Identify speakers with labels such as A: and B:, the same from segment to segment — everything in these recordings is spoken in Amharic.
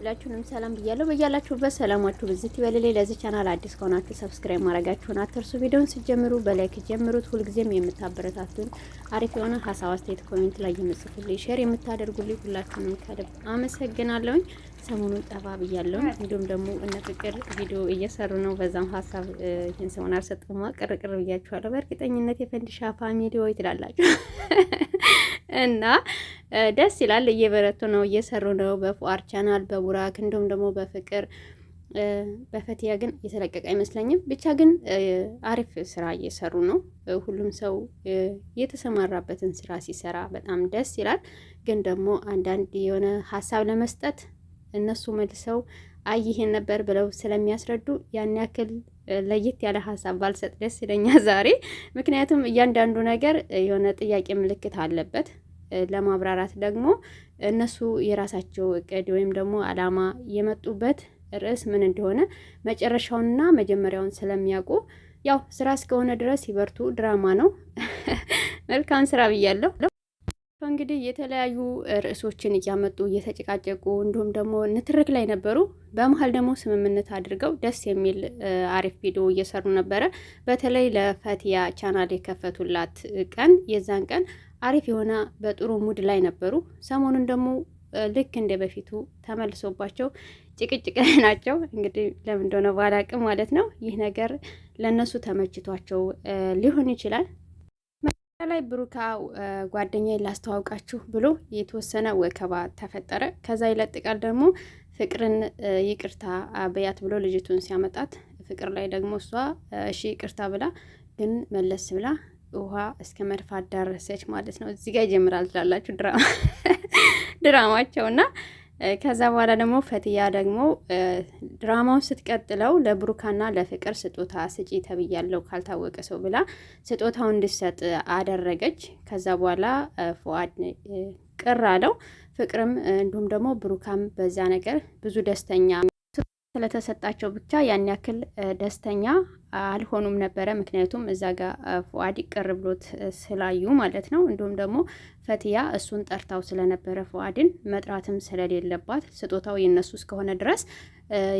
A: ሁላችሁንም ሰላም ብያለሁ። በያላችሁበት ሰላማችሁ በዚህ ይበልልኝ። ለዚህ ቻናል አዲስ ከሆናችሁ ሰብስክራይብ ማድረጋችሁን አትርሱ። ቪዲዮውን ሲጀምሩ በላይክ ጀምሩት። ሁልጊዜም የምታበረታቱን አሪፍ የሆነ ሀሳብ አስተያየት ኮሜንት ላይ የምጽፉልኝ፣ ሼር የምታደርጉልኝ ሁላችሁንም ከልብ አመሰግናለሁኝ። ሰሞኑን ጠፋ ብያለሁ። እንዲሁም ደግሞ እነ ፍቅር ቪዲዮ እየሰሩ ነው። በዛም ሀሳብ ይህን ሰሞን አልሰጥማ ቅርቅር ብያችኋለሁ። በእርግጠኝነት የፈንዲሻ ፋሚሊ ወይ ትላላችሁ እና ደስ ይላል። እየበረቱ ነው፣ እየሰሩ ነው። በፉአር ቻናል በቡራክ እንዲሁም ደግሞ በፍቅር በፈትያ ግን እየተለቀቀ አይመስለኝም። ብቻ ግን አሪፍ ስራ እየሰሩ ነው። ሁሉም ሰው የተሰማራበትን ስራ ሲሰራ በጣም ደስ ይላል። ግን ደግሞ አንዳንድ የሆነ ሀሳብ ለመስጠት እነሱ መልሰው አይ ይሄን ነበር ብለው ስለሚያስረዱ ያን ያክል ለየት ያለ ሀሳብ ባልሰጥ ደስ ይለኛ ዛሬ። ምክንያቱም እያንዳንዱ ነገር የሆነ ጥያቄ ምልክት አለበት። ለማብራራት ደግሞ እነሱ የራሳቸው እቅድ ወይም ደግሞ አላማ የመጡበት ርዕስ ምን እንደሆነ መጨረሻውንና መጀመሪያውን ስለሚያውቁ ያው ስራ እስከሆነ ድረስ ይበርቱ። ድራማ ነው። መልካም ስራ ብያለሁ። እንግዲህ የተለያዩ ርዕሶችን እያመጡ እየተጨቃጨቁ እንዲሁም ደግሞ ንትርክ ላይ ነበሩ። በመሀል ደግሞ ስምምነት አድርገው ደስ የሚል አሪፍ ቪዲዮ እየሰሩ ነበረ። በተለይ ለፈቲያ ቻናል የከፈቱላት ቀን የዛን ቀን አሪፍ የሆነ በጥሩ ሙድ ላይ ነበሩ። ሰሞኑን ደግሞ ልክ እንደ በፊቱ ተመልሶባቸው ጭቅጭቅ ላይ ናቸው። እንግዲህ ለምን እንደሆነ ባላቅም ማለት ነው። ይህ ነገር ለእነሱ ተመችቷቸው ሊሆን ይችላል። ላይ ብሩካ ጓደኛ ላስተዋውቃችሁ ብሎ የተወሰነ ወከባ ተፈጠረ። ከዛ ይለጥቃል ደግሞ ፍቅርን ይቅርታ በያት ብሎ ልጅቱን ሲያመጣት ፍቅር ላይ ደግሞ እሷ እሺ ይቅርታ ብላ ግን መለስ ብላ ውሃ እስከ መድፋት ዳረሰች ማለት ነው። እዚህ ጋር ይጀምራል ትላላችሁ ድራማ ድራማቸው እና ከዛ በኋላ ደግሞ ፈትያ ደግሞ ድራማውን ስትቀጥለው ለብሩካና ለፍቅር ስጦታ ስጪ ተብያለው ካልታወቀ ሰው ብላ ስጦታው እንድሰጥ አደረገች። ከዛ በኋላ ፉአድ ቅር አለው፣ ፍቅርም እንዲሁም ደግሞ ብሩካም በዛ ነገር ብዙ ደስተኛ ስለተሰጣቸው ብቻ ያን ያክል ደስተኛ አልሆኑም ነበረ። ምክንያቱም እዛ ጋር ፉአድ ቅር ብሎት ስላዩ ማለት ነው። እንዲሁም ደግሞ ፈትያ እሱን ጠርታው ስለነበረ ፉአድን መጥራትም ስለሌለባት ስጦታው የነሱ እስከሆነ ድረስ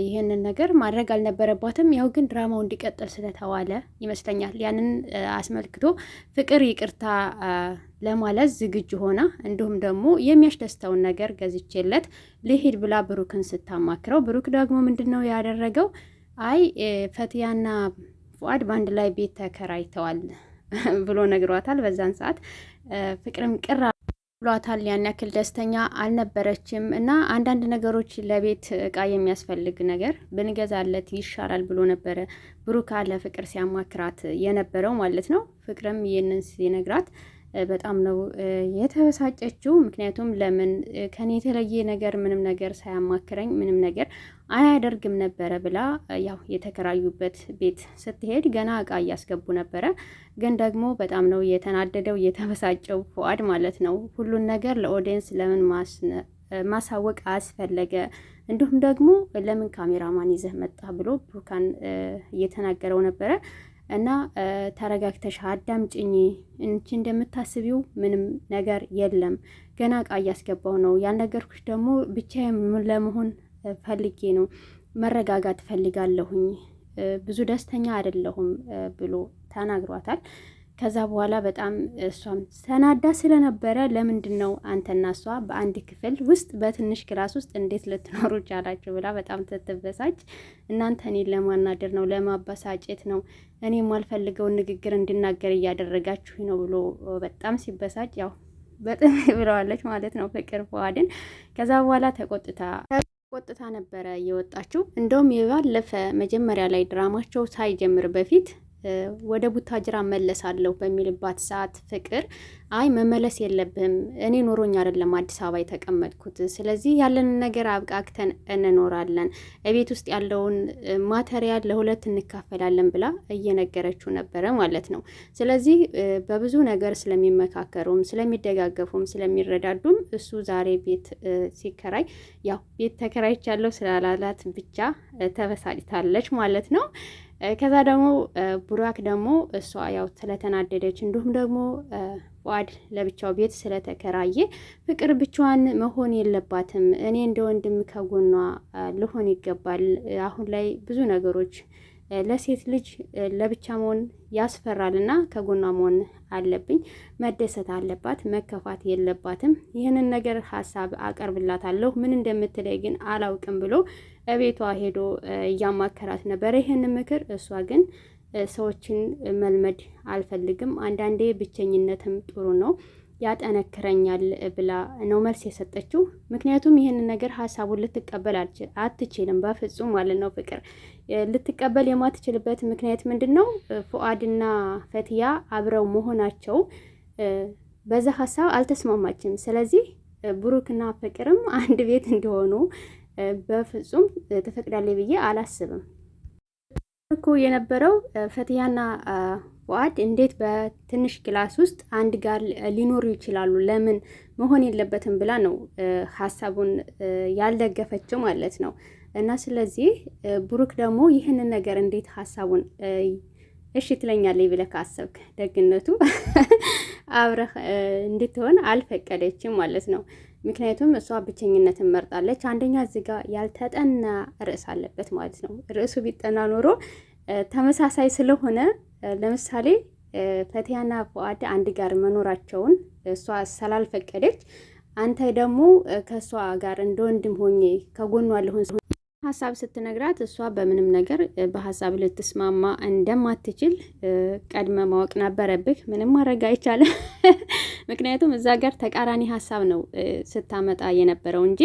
A: ይህንን ነገር ማድረግ አልነበረባትም። ያው ግን ድራማው እንዲቀጥል ስለተዋለ ይመስለኛል ያንን አስመልክቶ ፍቅር ይቅርታ ለማለት ዝግጁ ሆና እንዲሁም ደግሞ የሚያስደስተውን ነገር ገዝቼለት ልሄድ ብላ ብሩክን ስታማክረው ብሩክ ደግሞ ምንድን ነው ያደረገው? አይ ፈትያና ፉአድ በአንድ ላይ ቤት ተከራይተዋል ብሎ ነግሯታል። በዛን ሰዓት ፍቅርም ቅር ብሏታል። ያን ያክል ደስተኛ አልነበረችም እና አንዳንድ ነገሮች ለቤት እቃ የሚያስፈልግ ነገር ብንገዛለት ይሻላል ብሎ ነበረ ብሩክ ለፍቅር ሲያማክራት የነበረው ማለት ነው። ፍቅርም ይህንን ሲነግራት በጣም ነው የተበሳጨችው። ምክንያቱም ለምን ከኔ የተለየ ነገር ምንም ነገር ሳያማክረኝ ምንም ነገር አያደርግም ነበረ ብላ ያው የተከራዩበት ቤት ስትሄድ ገና እቃ እያስገቡ ነበረ። ግን ደግሞ በጣም ነው የተናደደው የተበሳጨው ፉአድ ማለት ነው። ሁሉን ነገር ለኦዲየንስ ለምን ማሳወቅ አስፈለገ? እንዲሁም ደግሞ ለምን ካሜራማን ይዘህ መጣ ብሎ ብሩካን እየተናገረው ነበረ። እና ተረጋግተሽ አዳምጪኝ፣ እንቺ እንደምታስቢው ምንም ነገር የለም። ገና እቃ እያስገባው ነው ያልነገርኩሽ። ደግሞ ብቻ ለመሆን ፈልጌ ነው፣ መረጋጋት ፈልጋለሁኝ፣ ብዙ ደስተኛ አይደለሁም ብሎ ተናግሯታል። ከዛ በኋላ በጣም እሷም ተናዳ ስለነበረ ለምንድን ነው አንተና እሷ በአንድ ክፍል ውስጥ በትንሽ ክላስ ውስጥ እንዴት ልትኖሩ ቻላችሁ ብላ በጣም ስትበሳጭ፣ እናንተ እኔን ለማናደር ነው ለማበሳጨት ነው እኔ የማልፈልገውን ንግግር እንድናገር እያደረጋችሁ ነው ብሎ በጣም ሲበሳጭ ያው በጥም ብለዋለች ማለት ነው ፍቅር ፈዋድን። ከዛ በኋላ ተቆጥታ ቆጥታ ነበረ የወጣችው። እንደውም የባለፈ መጀመሪያ ላይ ድራማቸው ሳይጀምር በፊት ወደ ቡታጅራ መለሳለሁ በሚልባት ሰዓት ፍቅር አይ መመለስ የለብህም እኔ ኖሮኝ አይደለም አዲስ አበባ የተቀመጥኩት፣ ስለዚህ ያለንን ነገር አብቃክተን እንኖራለን፣ እቤት ውስጥ ያለውን ማተሪያል ለሁለት እንካፈላለን ብላ እየነገረችው ነበረ ማለት ነው። ስለዚህ በብዙ ነገር ስለሚመካከሩም፣ ስለሚደጋገፉም፣ ስለሚረዳዱም እሱ ዛሬ ቤት ሲከራይ ያው ቤት ተከራይቻለሁ ስላላላት ብቻ ተበሳጭታለች ማለት ነው። ከዛ ደግሞ ቡራክ ደግሞ እሷ ያው ስለተናደደች እንዲሁም ደግሞ ፉአድ ለብቻው ቤት ስለተከራየ ፍቅር ብቻዋን መሆን የለባትም፣ እኔ እንደ ወንድም ከጎኗ ልሆን ይገባል። አሁን ላይ ብዙ ነገሮች ለሴት ልጅ ለብቻ መሆን ያስፈራል እና ከጎኗ መሆን አለብኝ። መደሰት አለባት፣ መከፋት የለባትም። ይህንን ነገር ሀሳብ አቀርብላታለሁ ምን እንደምትለይ ግን አላውቅም ብሎ እቤቷ ሄዶ እያማከራት ነበረ። ይህን ምክር እሷ ግን ሰዎችን መልመድ አልፈልግም፣ አንዳንዴ ብቸኝነትም ጥሩ ነው ያጠነክረኛል ብላ ነው መልስ የሰጠችው። ምክንያቱም ይህንን ነገር ሀሳቡን ልትቀበል አትችልም በፍጹም ማለት ነው። ፍቅር ልትቀበል የማትችልበት ምክንያት ምንድን ነው? ፉአድና ፈትያ አብረው መሆናቸው በዛ ሀሳብ አልተስማማችም። ስለዚህ ብሩክና ፍቅርም አንድ ቤት እንዲሆኑ በፍጹም ትፈቅዳለች ብዬ አላስብም እኮ የነበረው ፈትያና ዋድ እንዴት በትንሽ ክላስ ውስጥ አንድ ጋር ሊኖሩ ይችላሉ? ለምን መሆን የለበትም ብላ ነው ሀሳቡን ያልደገፈችው ማለት ነው። እና ስለዚህ ብሩክ ደግሞ ይህንን ነገር እንዴት ሀሳቡን እሺ ትለኛለች ብለህ ካሰብክ ደግነቱ አብረህ እንድትሆን አልፈቀደችም ማለት ነው። ምክንያቱም እሷ ብቸኝነትን መርጣለች። አንደኛ እዚህ ጋ ያልተጠና ርዕስ አለበት ማለት ነው። ርዕሱ ቢጠና ኖሮ ተመሳሳይ ስለሆነ ለምሳሌ ፈቲያና ፉአድ አንድ ጋር መኖራቸውን እሷ ስላልፈቀደች አንተ ደግሞ ከእሷ ጋር እንደ ወንድም ሆኜ ከጎኗ ልሆን ሀሳብ ስትነግራት እሷ በምንም ነገር በሀሳብ ልትስማማ እንደማትችል ቀድመ ማወቅ ነበረብህ። ምንም ማድረግ አይቻልም። ምክንያቱም እዛ ጋር ተቃራኒ ሀሳብ ነው ስታመጣ የነበረው እንጂ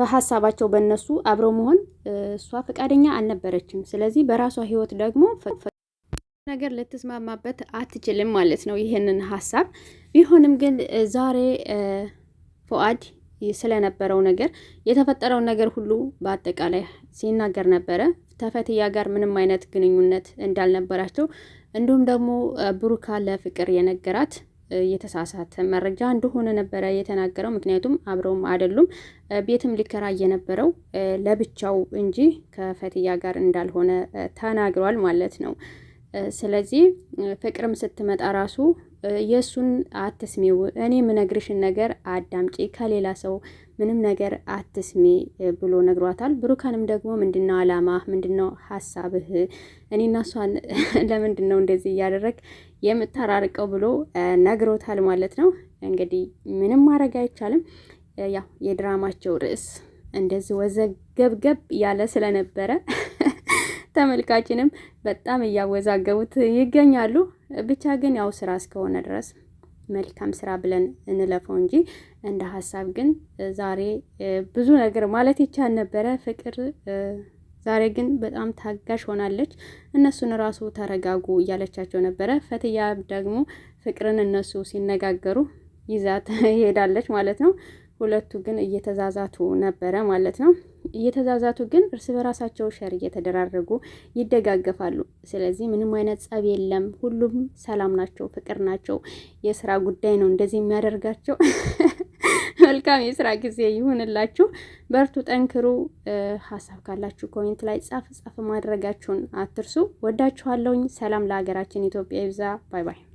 A: በሀሳባቸው በእነሱ አብረው መሆን እሷ ፈቃደኛ አልነበረችም። ስለዚህ በራሷ ህይወት ደግሞ ነገር ልትስማማበት አትችልም ማለት ነው ይህንን ሀሳብ። ቢሆንም ግን ዛሬ ፉአድ ስለነበረው ነገር የተፈጠረውን ነገር ሁሉ በአጠቃላይ ሲናገር ነበረ። ተፈትያ ጋር ምንም አይነት ግንኙነት እንዳልነበራቸው እንዲሁም ደግሞ ብሩካ ለፍቅር የነገራት የተሳሳተ መረጃ እንደሆነ ነበረ የተናገረው። ምክንያቱም አብረውም አይደሉም። ቤትም ሊከራይ የነበረው ለብቻው እንጂ ከፈትያ ጋር እንዳልሆነ ተናግሯል ማለት ነው። ስለዚህ ፍቅርም ስትመጣ ራሱ የእሱን አትስሚው፣ እኔ ምነግርሽን ነገር አዳምጪ፣ ከሌላ ሰው ምንም ነገር አትስሚ ብሎ ነግሯታል። ብሩካንም ደግሞ ምንድነው አላማ፣ ምንድነው ሀሳብህ፣ እኔና እሷን ለምንድን ነው እንደዚህ እያደረግ የምታራርቀው ብሎ ነግሮታል ማለት ነው። እንግዲህ ምንም ማድረግ አይቻልም። ያው የድራማቸው ርዕስ እንደዚህ ወዘገብገብ ያለ ስለነበረ ተመልካችንም በጣም እያወዛገቡት ይገኛሉ። ብቻ ግን ያው ስራ እስከሆነ ድረስ መልካም ስራ ብለን እንለፈው እንጂ እንደ ሀሳብ ግን ዛሬ ብዙ ነገር ማለት ይቻል ነበረ። ፍቅር ዛሬ ግን በጣም ታጋሽ ሆናለች። እነሱን ራሱ ተረጋጉ እያለቻቸው ነበረ። ፈትያ ደግሞ ፍቅርን እነሱ ሲነጋገሩ ይዛት ይሄዳለች ማለት ነው። ሁለቱ ግን እየተዛዛቱ ነበረ ማለት ነው። እየተዛዛቱ ግን እርስ በራሳቸው ሸር እየተደራረጉ ይደጋገፋሉ። ስለዚህ ምንም አይነት ጸብ የለም። ሁሉም ሰላም ናቸው፣ ፍቅር ናቸው። የስራ ጉዳይ ነው እንደዚህ የሚያደርጋቸው። መልካም የስራ ጊዜ ይሁንላችሁ። በርቱ፣ ጠንክሩ። ሀሳብ ካላችሁ ኮሜንት ላይ ጻፍ ጻፍ ማድረጋችሁን አትርሱ። ወዳችኋለውኝ። ሰላም ለሀገራችን ኢትዮጵያ ይብዛ። ባይ ባይ።